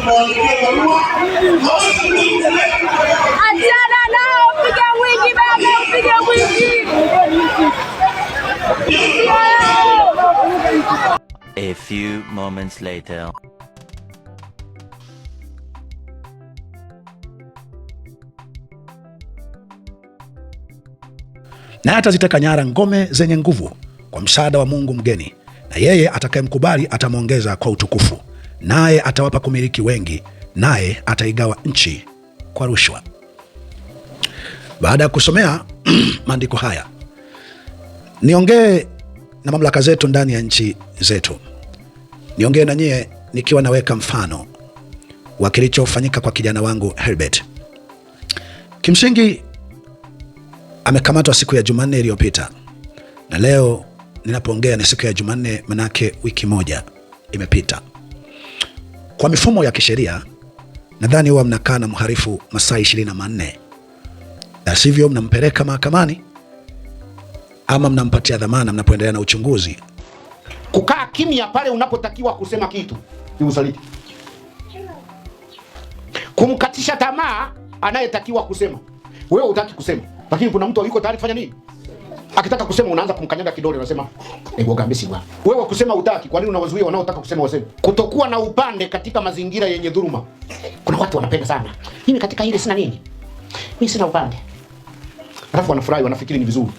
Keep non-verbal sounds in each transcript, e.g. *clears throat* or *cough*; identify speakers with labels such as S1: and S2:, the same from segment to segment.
S1: barua A few moments later. Naye ataziteka nyara ngome zenye nguvu kwa msaada wa Mungu mgeni, na yeye atakayemkubali atamwongeza kwa utukufu naye atawapa kumiliki wengi, naye ataigawa nchi kwa rushwa. Baada ya kusomea *clears throat* maandiko haya, niongee na mamlaka zetu ndani ya nchi zetu, niongee na nyie nikiwa naweka mfano wa kilichofanyika kwa kijana wangu Herbert. Kimsingi amekamatwa siku ya Jumanne iliyopita na leo ninapoongea ni siku ya Jumanne, manake wiki moja imepita. Kwa mifumo ya kisheria nadhani huwa mnakaa na mharifu masaa ishirini na manne na sivyo mnampeleka mahakamani ama mnampatia dhamana mnapoendelea na uchunguzi.
S2: Kukaa kimya pale unapotakiwa kusema kitu ni usaliti, kumkatisha tamaa anayetakiwa kusema. Wewe hutaki kusema, lakini kuna mtu yuko tayari kufanya nini? akitaka kusema unaanza kumkanyaga kidole, unasema ego egogambe si bwana. Wewe kusema utaki, kwa nini unawazuia wanaotaka kusema waseme? Kutokuwa na upande katika mazingira yenye dhuluma. Kuna watu wanapenda sana, mimi katika hili sina nini, mimi sina upande, alafu wanafurahi, wanafikiri ni vizuri.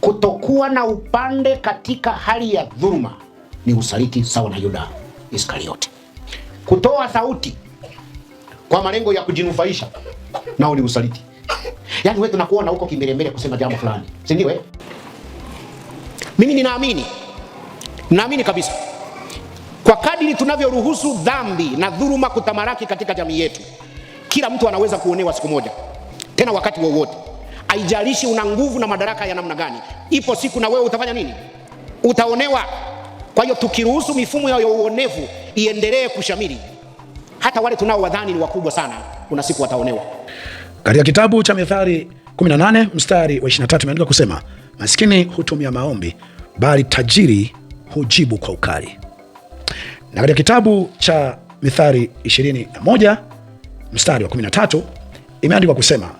S2: Kutokuwa na upande katika hali ya dhuluma ni usaliti, sawa na Yuda Iskariote. Kutoa sauti kwa malengo ya kujinufaisha nao ni usaliti. Yaani wewe tunakuona huko kimbelembele kusema jambo fulani, si ndio eh? Mimi ninaamini, naamini kabisa kwa kadiri tunavyoruhusu dhambi na dhuluma kutamaraki katika jamii yetu, kila mtu anaweza kuonewa siku moja, tena wakati wowote wa haijalishi una nguvu na madaraka ya namna gani, ipo siku na wewe utafanya nini? Utaonewa. Kwa hiyo tukiruhusu mifumo ya uonevu iendelee kushamiri, hata wale tunao wadhani ni wakubwa sana, kuna siku wataonewa.
S1: Katika kitabu cha Mithali 18 mstari wa 23 imeandika kusema, maskini hutumia maombi, bali tajiri hujibu kwa ukali. Na katika kitabu cha Mithali 21 mstari wa 13 imeandikwa kusema,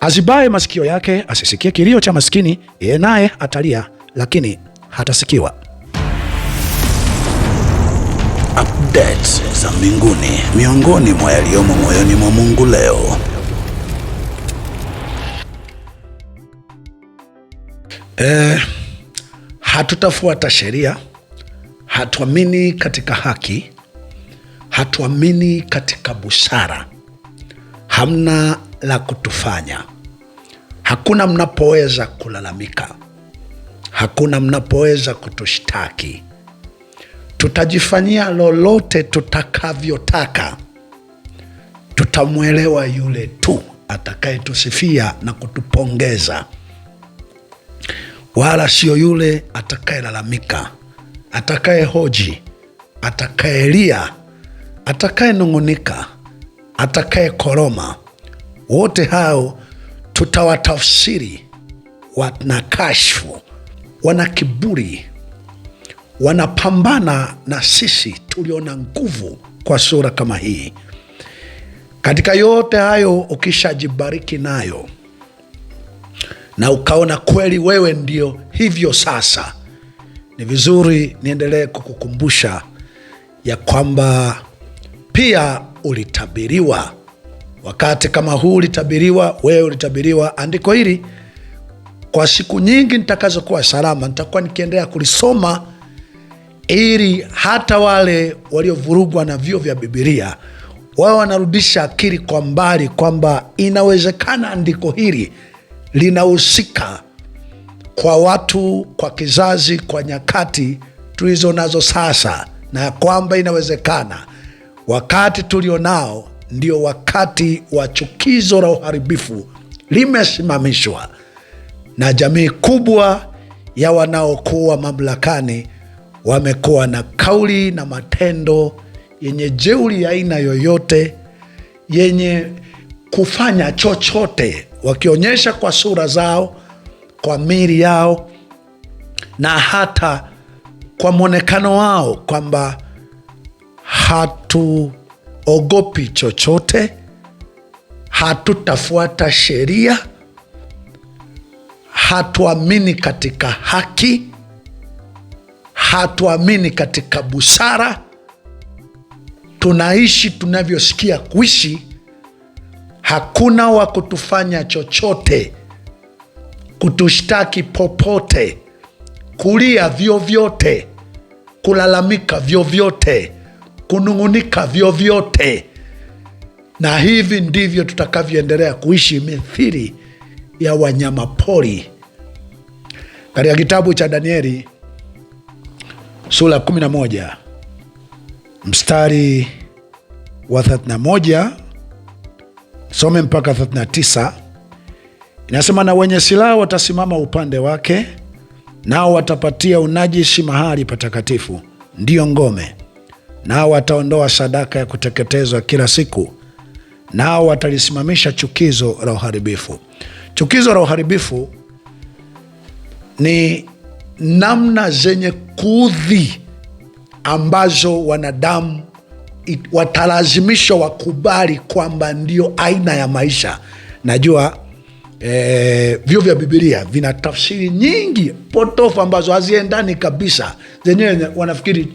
S1: azibaye masikio yake asisikie kilio cha maskini, yeye naye atalia, lakini hatasikiwa.
S3: Updates za mbinguni, miongoni mwa yaliyomo moyoni mwa Mungu leo.
S4: eh, hatutafuata sheria, hatuamini katika haki, hatuamini katika busara. Hamna la kutufanya, hakuna mnapoweza kulalamika, hakuna mnapoweza kutushtaki. Tutajifanyia lolote tutakavyotaka. Tutamwelewa yule tu atakayetusifia na kutupongeza wala sio yule atakayelalamika, atakaye hoji, atakayelia, atakayenong'onika, atakaye koroma. Wote hao tutawatafsiri wana kashfu, wana kiburi, wanapambana na sisi tulio na nguvu kwa sura kama hii. Katika yote hayo ukishajibariki nayo na ukaona kweli wewe ndio hivyo. Sasa ni vizuri niendelee kukukumbusha ya kwamba pia ulitabiriwa. Wakati kama huu ulitabiriwa, wewe ulitabiriwa andiko hili. Kwa siku nyingi nitakazokuwa salama, nitakuwa nikiendelea kulisoma ili hata wale waliovurugwa na vyo vya Bibilia wawe wanarudisha akili kwa mbali kwamba inawezekana andiko hili linahusika kwa watu, kwa kizazi, kwa nyakati tulizo nazo sasa, na ya kwamba inawezekana wakati tulionao ndio wakati wa chukizo la uharibifu limesimamishwa na jamii kubwa ya wanaokuwa mamlakani wamekuwa na kauli na matendo yenye jeuri ya aina yoyote yenye kufanya chochote wakionyesha kwa sura zao, kwa miri yao na hata kwa mwonekano wao kwamba hatuogopi chochote, hatutafuata sheria, hatuamini katika haki, hatuamini katika busara, tunaishi tunavyosikia kuishi hakuna wa kutufanya chochote, kutushtaki popote, kulia vyovyote, kulalamika vyovyote, kunung'unika vyovyote. Na hivi ndivyo tutakavyoendelea kuishi mithili ya wanyama pori.
S1: Katika kitabu cha Danieli sura 11 mstari wa 31 Some mpaka 39 inasema, na wenye silaha watasimama upande wake, nao watapatia unajishi mahali patakatifu, ndiyo ngome, nao wataondoa sadaka ya kuteketezwa kila siku, nao watalisimamisha chukizo la uharibifu. Chukizo la uharibifu ni namna zenye kuudhi ambazo wanadamu watalazimishwa wakubali kwamba ndio aina ya maisha. Najua eh, vyo vya Bibilia vina tafsiri nyingi potofu ambazo haziendani kabisa, zenyewe wanafikiri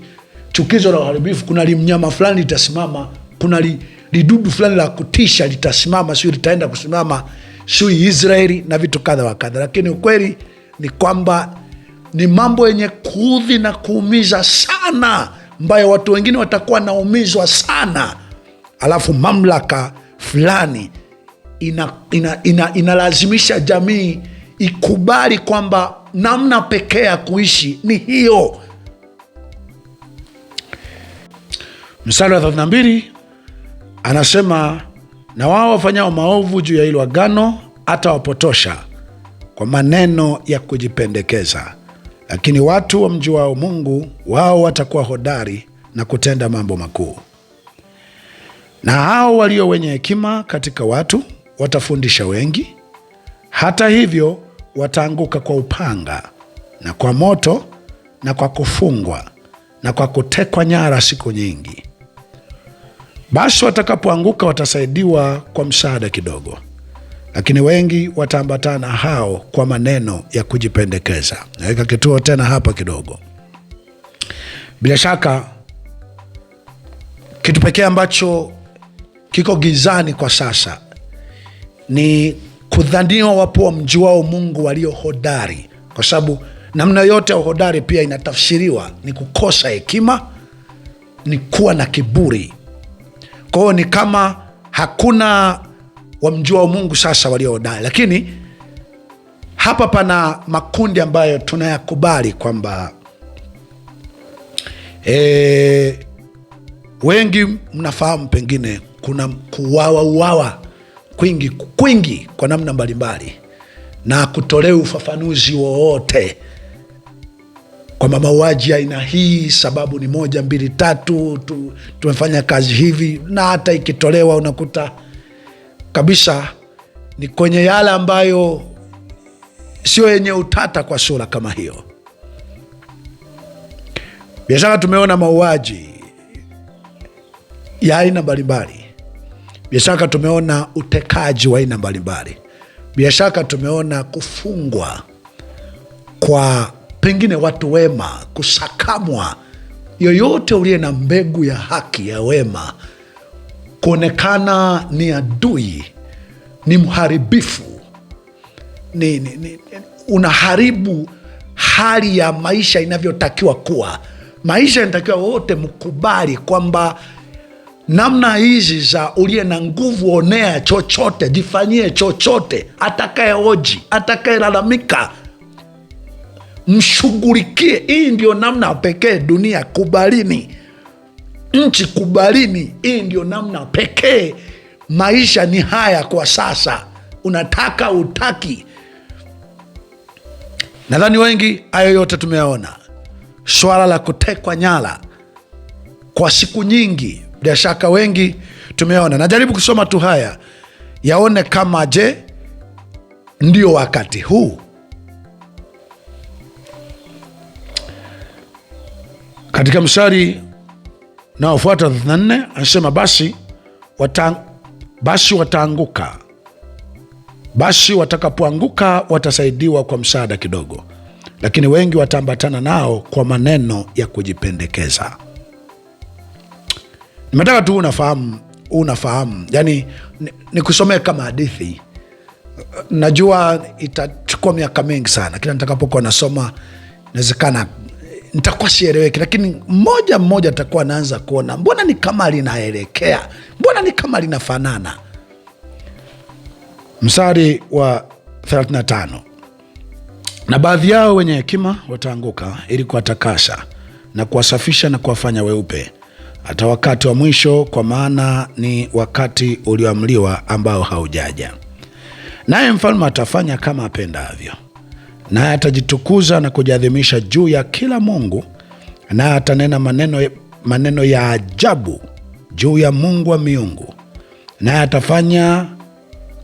S1: chukizo la uharibifu, kuna limnyama fulani litasimama, kuna li, lidudu fulani la kutisha litasimama, sio litaenda kusimama sui Israeli na vitu kadha wa kadha, lakini ukweli ni kwamba ni mambo yenye kuudhi na kuumiza sana ambayo watu wengine watakuwa naumizwa sana, alafu mamlaka fulani inalazimisha ina, ina, ina jamii ikubali kwamba namna pekee ya kuishi ni hiyo. Mstari wa 32 anasema, na wao wafanyao maovu juu ya hilo agano atawapotosha kwa maneno ya kujipendekeza lakini watu wa mji wao Mungu wao watakuwa hodari na kutenda mambo makuu. Na hao walio wenye hekima katika watu watafundisha wengi. Hata hivyo, wataanguka kwa upanga na kwa moto na kwa kufungwa na kwa kutekwa nyara siku nyingi. Basi watakapoanguka watasaidiwa kwa msaada kidogo lakini wengi wataambatana hao kwa maneno ya kujipendekeza. Naweka kituo tena hapa kidogo. Bila shaka kitu pekee ambacho kiko gizani kwa sasa ni kudhaniwa wapo wamjuao Mungu walio hodari, kwa sababu namna yote ya uhodari pia inatafsiriwa ni kukosa hekima, ni kuwa na kiburi. Kwa hiyo ni kama hakuna wamjua Mungu sasa walio hodari, lakini hapa pana makundi ambayo tunayakubali kwamba e, wengi mnafahamu pengine kuna kuwawa uwawa kwingi kwingi kwa namna mbalimbali na kutolea ufafanuzi wowote kwamba mauaji aina hii sababu ni moja mbili tatu tu, tumefanya kazi hivi, na hata ikitolewa unakuta kabisa ni kwenye yale ambayo sio yenye utata kwa sura kama hiyo. Bila shaka tumeona mauaji ya aina mbalimbali, bila shaka tumeona utekaji wa aina mbalimbali, bila shaka tumeona kufungwa kwa pengine watu wema, kusakamwa. Yoyote uliye na mbegu ya haki ya wema kuonekana ni adui, ni mharibifu, ni, ni, ni, unaharibu hali ya maisha inavyotakiwa kuwa. Maisha inatakiwa wote mkubali kwamba namna hizi za uliye na nguvu, onea chochote, jifanyie chochote, atakaye oji, atakaye lalamika, mshughulikie. Hii ndio namna pekee dunia, kubalini nchi kubalini. Hii ndio namna pekee. Maisha ni haya kwa sasa, unataka utaki. Nadhani wengi hayo yote tumeyaona, swala la kutekwa nyara kwa siku nyingi, bila shaka wengi tumeona. Najaribu kusoma tu haya yaone kama je, ndio wakati huu. Katika mstari naofuata 34 anasema basi watang, basi wataanguka, basi watakapoanguka watasaidiwa kwa msaada kidogo, lakini wengi wataambatana nao kwa maneno ya kujipendekeza. Nimetaka tu unafahamu, unafahamu yani nikusomee kama hadithi. Najua itachukua miaka mingi sana, kila nitakapokuwa nasoma inawezekana nitakuwa sieleweki, lakini mmoja mmoja atakuwa naanza kuona mbona ni kama linaelekea, mbona ni kama linafanana. Mstari wa 35 na baadhi yao wenye hekima wataanguka, ili kuwatakasha na kuwasafisha na kuwafanya weupe hata wakati wa mwisho, kwa maana ni wakati ulioamliwa ambao haujaja, naye mfalme atafanya kama apendavyo naye atajitukuza na kujiadhimisha juu ya kila Mungu, naye atanena maneno, maneno ya ajabu juu ya Mungu wa miungu, naye atafanya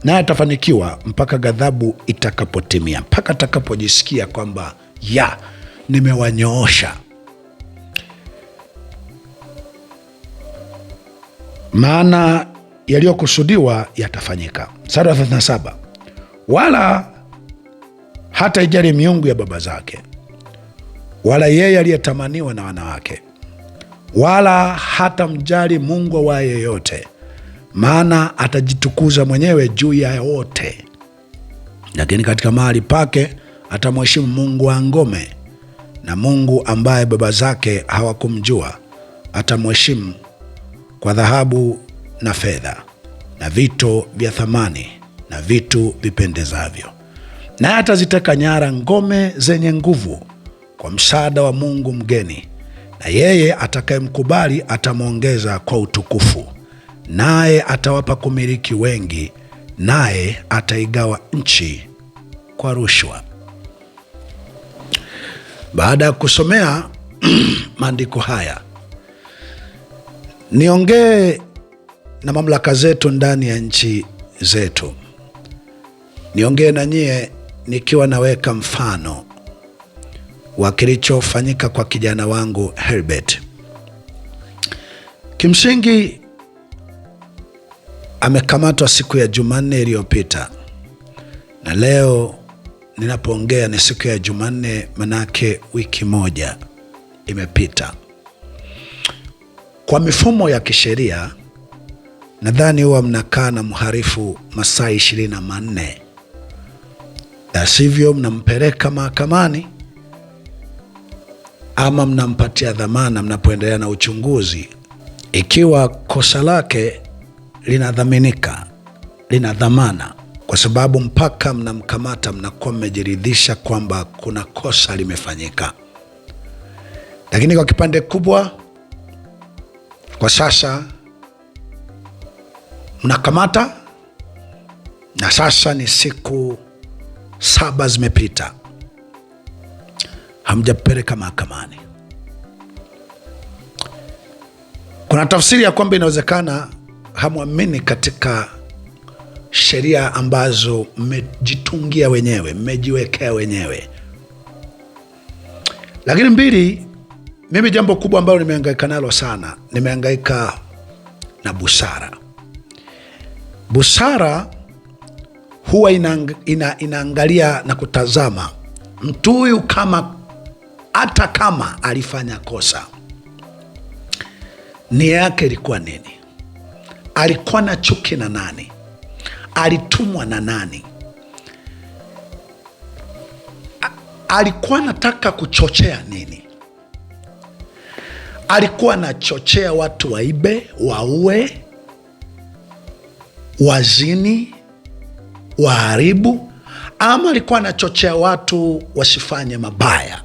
S1: naye atafanikiwa mpaka ghadhabu itakapotimia, mpaka atakapojisikia kwamba ya nimewanyoosha. Maana yaliyokusudiwa yatafanyika. Sura 37 wala hata ijali miungu ya baba zake, wala yeye aliyetamaniwa na wanawake, wala hata mjali Mungu wa yeyote, maana atajitukuza mwenyewe juu ya wote, lakini katika mahali pake atamheshimu Mungu wa ngome, na Mungu ambaye baba zake hawakumjua atamheshimu kwa dhahabu na fedha na vito vya thamani na vitu vipendezavyo naye ataziteka nyara ngome zenye nguvu kwa msaada wa Mungu mgeni, na yeye atakayemkubali atamwongeza kwa utukufu, naye atawapa kumiliki wengi, naye ataigawa nchi kwa rushwa. Baada ya kusomea *clears throat* maandiko haya, niongee na mamlaka zetu ndani ya nchi zetu, niongee na nyie nikiwa naweka mfano wa kilichofanyika kwa kijana wangu Herbert. Kimsingi amekamatwa siku ya Jumanne iliyopita na leo ninapoongea ni siku ya Jumanne, manake wiki moja imepita. Kwa mifumo ya kisheria, nadhani huwa mnakaa na mharifu masaa ishirini na manne la sivyo mnampeleka mahakamani ama mnampatia dhamana mnapoendelea na uchunguzi. Ikiwa kosa lake linadhaminika, lina dhamana, kwa sababu mpaka mnamkamata mnakuwa mmejiridhisha kwamba kuna kosa limefanyika. Lakini kwa kipande kubwa, kwa sasa mnakamata na sasa ni siku saba zimepita, hamjapeleka mahakamani. Kuna tafsiri ya kwamba inawezekana hamwamini katika sheria ambazo mmejitungia wenyewe, mmejiwekea wenyewe. Lakini mbili, mimi jambo kubwa ambalo nimehangaika nalo sana, nimehangaika na busara. Busara huwa ina, ina, inaangalia na kutazama mtu huyu kama hata kama alifanya kosa, nia yake ilikuwa nini? Alikuwa na chuki na nani? Alitumwa na nani? Alikuwa anataka kuchochea nini? Alikuwa anachochea watu waibe, waue, wazini, waharibu, ama alikuwa anachochea watu wasifanye mabaya.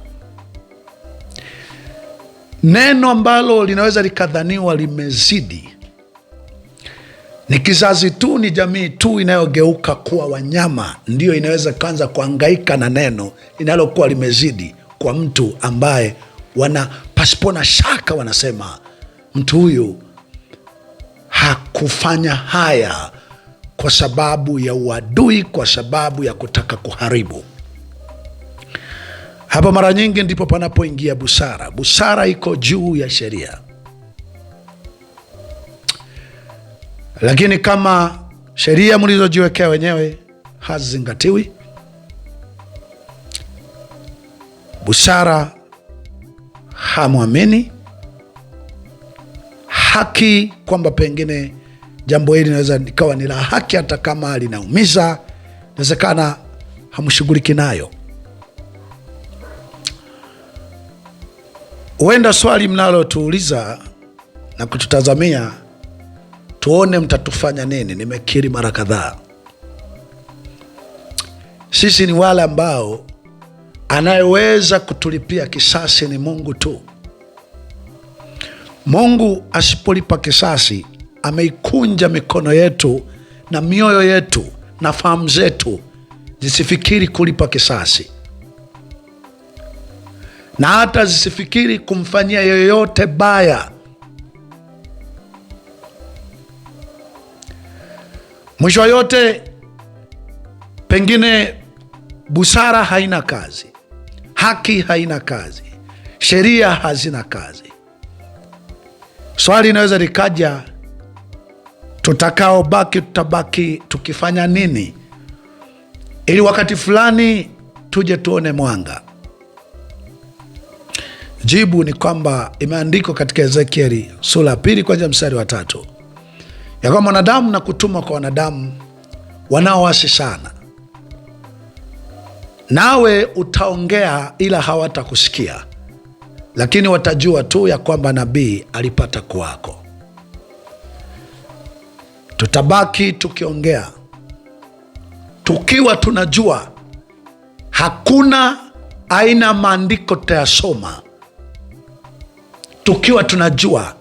S1: Neno ambalo linaweza likadhaniwa limezidi ni kizazi tu, ni jamii tu inayogeuka kuwa wanyama, ndiyo inaweza kuanza kuangaika na neno linalokuwa limezidi kwa mtu ambaye wana na shaka wanasema mtu huyu hakufanya haya kwa sababu ya uadui, kwa sababu ya kutaka kuharibu. Hapa mara nyingi ndipo panapoingia busara. Busara iko juu ya sheria, lakini kama sheria mlizojiwekea wenyewe hazizingatiwi, busara hamwamini haki, kwamba pengine jambo hili naweza likawa ni la haki, hata kama linaumiza, inawezekana hamshughuliki nayo. Huenda swali mnalotuuliza na kututazamia, tuone mtatufanya nini. Nimekiri mara kadhaa, sisi ni wale ambao anayeweza kutulipia kisasi ni Mungu tu. Mungu asipolipa kisasi ameikunja mikono yetu na mioyo yetu na fahamu zetu zisifikiri kulipa kisasi na hata zisifikiri kumfanyia yoyote baya. Mwisho wa yote, pengine busara haina kazi, haki haina kazi, sheria hazina kazi. Swali inaweza likaja tutakaobaki tutabaki tukifanya nini ili wakati fulani tuje tuone mwanga? Jibu ni kwamba imeandikwa katika Ezekieli sura ya pili kwanzia mstari wa tatu ya kwamba mwanadamu na kutuma kwa wanadamu wanaowasi sana, nawe utaongea ila hawatakusikia, lakini watajua tu ya kwamba nabii alipata kuwako tutabaki tukiongea tukiwa tunajua hakuna aina maandiko tayasoma, tukiwa tunajua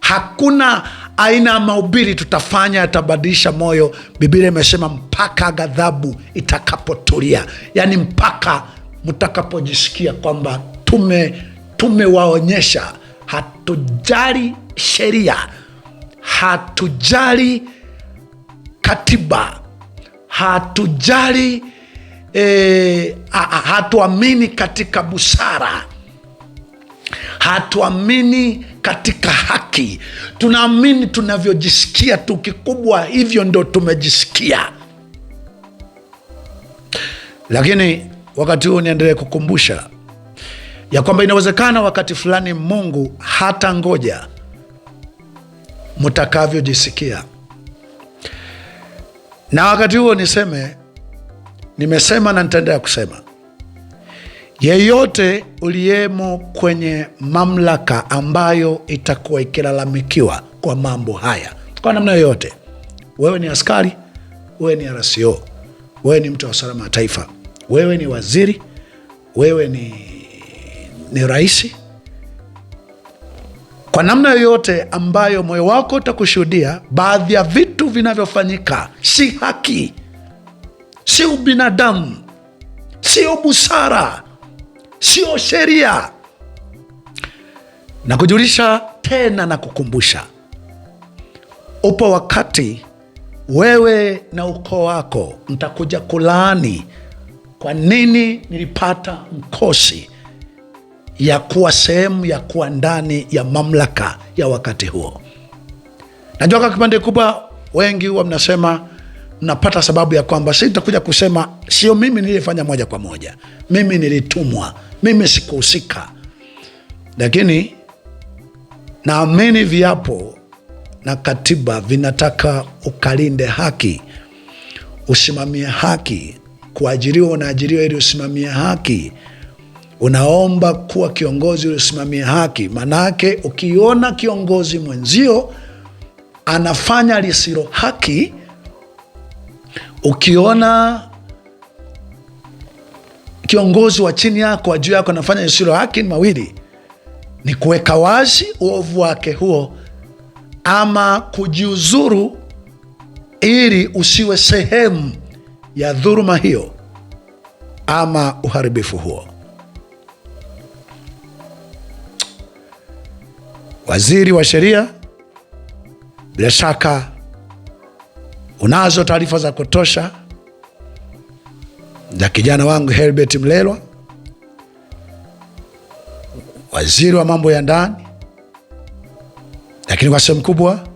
S1: hakuna aina ya mahubiri tutafanya yatabadilisha moyo. Biblia imesema mpaka ghadhabu itakapotulia, yaani mpaka mtakapojisikia kwamba tume tumewaonyesha hatujali sheria hatujali katiba, hatujali e, hatuamini katika busara, hatuamini katika haki, tunaamini tunavyojisikia tu. Kikubwa hivyo ndo tumejisikia. Lakini wakati huu niendelee kukumbusha ya kwamba inawezekana wakati fulani Mungu hata ngoja mtakavyojisikia. Na wakati huo niseme, nimesema na nitaendelea kusema, yeyote uliyemo kwenye mamlaka ambayo itakuwa ikilalamikiwa kwa mambo haya kwa namna yoyote, wewe ni askari, wewe ni RCO, wewe ni mtu wa usalama wa taifa, wewe ni waziri, wewe ni, ni raisi kwa namna yoyote ambayo moyo wako utakushuhudia baadhi ya vitu vinavyofanyika si haki, si ubinadamu, sio busara, sio sheria. Na kujulisha tena na kukumbusha, upo wakati wewe na ukoo wako mtakuja kulaani, kwa nini nilipata mkosi ya kuwa sehemu ya kuwa ndani ya mamlaka ya wakati huo. Najua kwa kipande kubwa wengi huwa mnasema mnapata sababu ya kwamba si sitakuja kusema sio mimi nilifanya moja kwa moja, mimi nilitumwa, mimi sikuhusika. Lakini naamini viapo na katiba vinataka ukalinde haki, usimamie haki. Kuajiriwa unaajiriwa ili usimamie haki unaomba kuwa kiongozi uliosimamia haki. Manake ukiona kiongozi mwenzio anafanya lisilo haki, ukiona kiongozi wa chini yako wa juu yako anafanya lisilo haki, ni mawili: ni kuweka wazi uovu wake huo, ama kujiuzuru ili usiwe sehemu ya dhuruma hiyo ama uharibifu huo. waziri wa sheria, bila shaka unazo taarifa za kutosha za kijana wangu Herbert Mlelwa, waziri wa mambo ya ndani, lakini kwa sehemu kubwa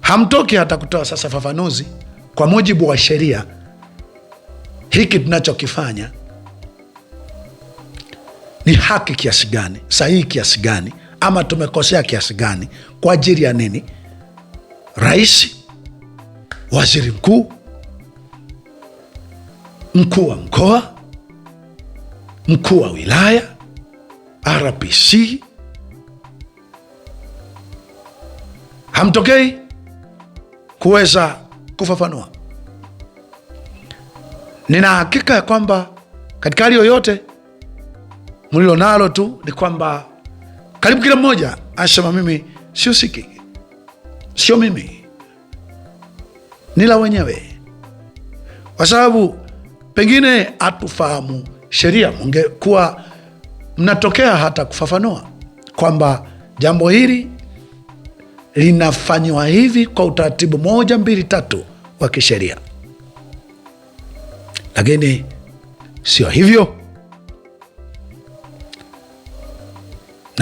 S1: hamtoki hata kutoa sasa fafanuzi kwa mujibu wa sheria. Hiki tunachokifanya ni haki kiasi gani, sahihi kiasi gani? ama tumekosea kiasi gani, kwa ajili ya nini? Rais, waziri mkuu, mkuu wa mkoa, mkuu wa wilaya, RPC hamtokei kuweza kufafanua. Nina hakika ya kwamba katika hali yoyote mlilo nalo tu ni kwamba karibu kila mmoja anasema mimi sio siki, sio mimi, ni la wenyewe, kwa sababu pengine hatufahamu sheria. Mngekuwa mnatokea hata kufafanua kwamba jambo hili linafanywa hivi kwa utaratibu moja mbili tatu wa kisheria, lakini sio hivyo.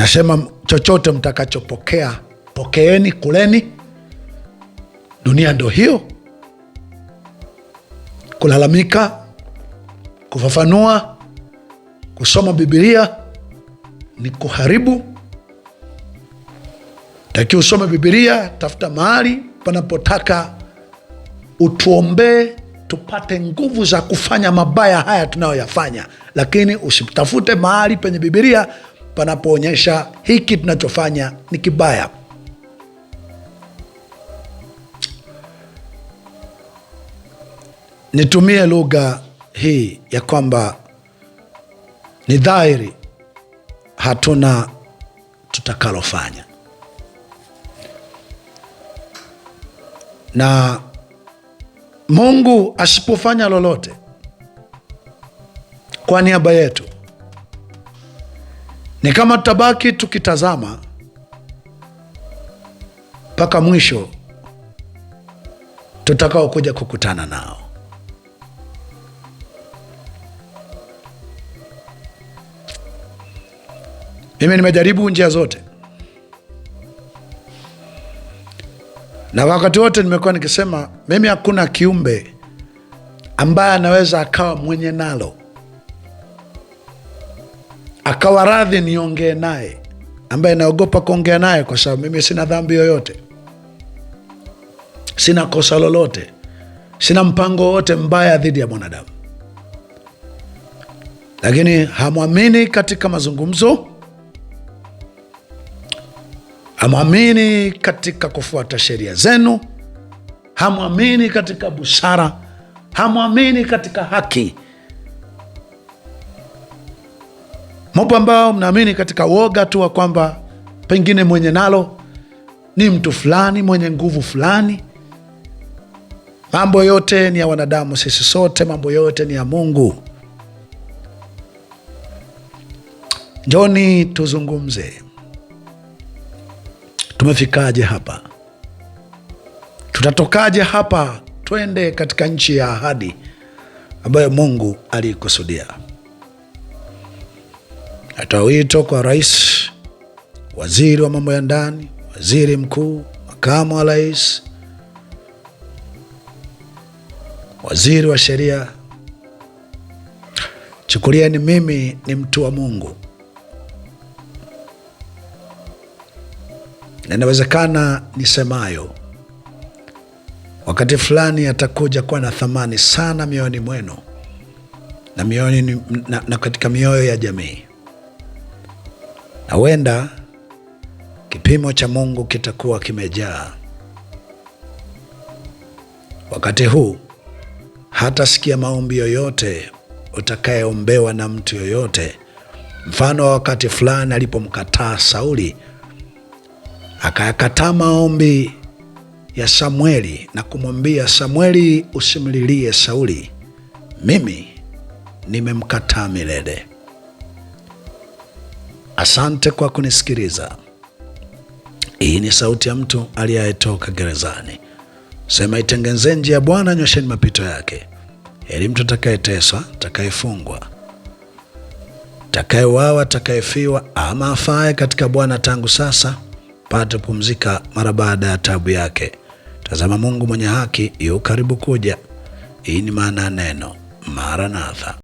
S1: Nasema chochote mtakachopokea pokeeni, kuleni. Dunia ndo hiyo, kulalamika, kufafanua, kusoma Bibilia ni kuharibu. Taki usome Bibilia, tafuta mahali panapotaka utuombee tupate nguvu za kufanya mabaya haya tunayoyafanya, lakini usitafute mahali penye Bibilia panapoonyesha hiki tunachofanya ni kibaya. Nitumie lugha hii ya kwamba ni dhahiri hatuna tutakalofanya, na Mungu asipofanya lolote kwa niaba yetu ni kama tutabaki tukitazama mpaka mwisho tutakaokuja kukutana nao. Mimi nimejaribu njia zote, na wakati wote nimekuwa nikisema, mimi hakuna kiumbe ambaye anaweza akawa mwenye nalo akawa radhi niongee naye, ambaye naogopa kuongea naye kwa sababu mimi sina dhambi yoyote, sina kosa lolote, sina mpango wowote mbaya dhidi ya mwanadamu. Lakini hamwamini katika mazungumzo, hamwamini katika kufuata sheria zenu, hamwamini katika busara, hamwamini katika haki Mopo ambao mnaamini katika woga tu wa kwamba pengine mwenye nalo ni mtu fulani mwenye nguvu fulani. Mambo yote ni ya wanadamu, sisi sote, mambo yote ni ya Mungu. Njoni tuzungumze, tumefikaje hapa? Tutatokaje hapa? Twende katika nchi ya ahadi ambayo Mungu aliikusudia. Natoa wito kwa rais, waziri wa mambo ya ndani, waziri mkuu, makamu wa rais, waziri wa sheria, chukulieni mimi ni mtu wa Mungu, na inawezekana nisemayo wakati fulani atakuja kuwa na thamani sana mioyoni mwenu na, na, na katika mioyo ya jamii na wenda kipimo cha Mungu kitakuwa kimejaa. Wakati huu hata sikia maombi yoyote utakayeombewa na mtu yoyote, mfano wa wakati fulani alipomkataa Sauli, akayakataa maombi ya Samweli na kumwambia Samweli, usimlilie Sauli, mimi nimemkataa milele. Asante kwa kunisikiliza. Hii ni sauti ya mtu aliyetoka gerezani. Sema, itengenze njia ya Bwana, nyosheni mapito yake. Heri mtu atakayeteswa, atakayefungwa, atakayewawa, atakayefiwa, ama afaye katika Bwana, tangu sasa pate pumzika mara baada ya taabu yake. Tazama, Mungu mwenye haki yu karibu kuja. Hii ni maana ya neno Maranatha.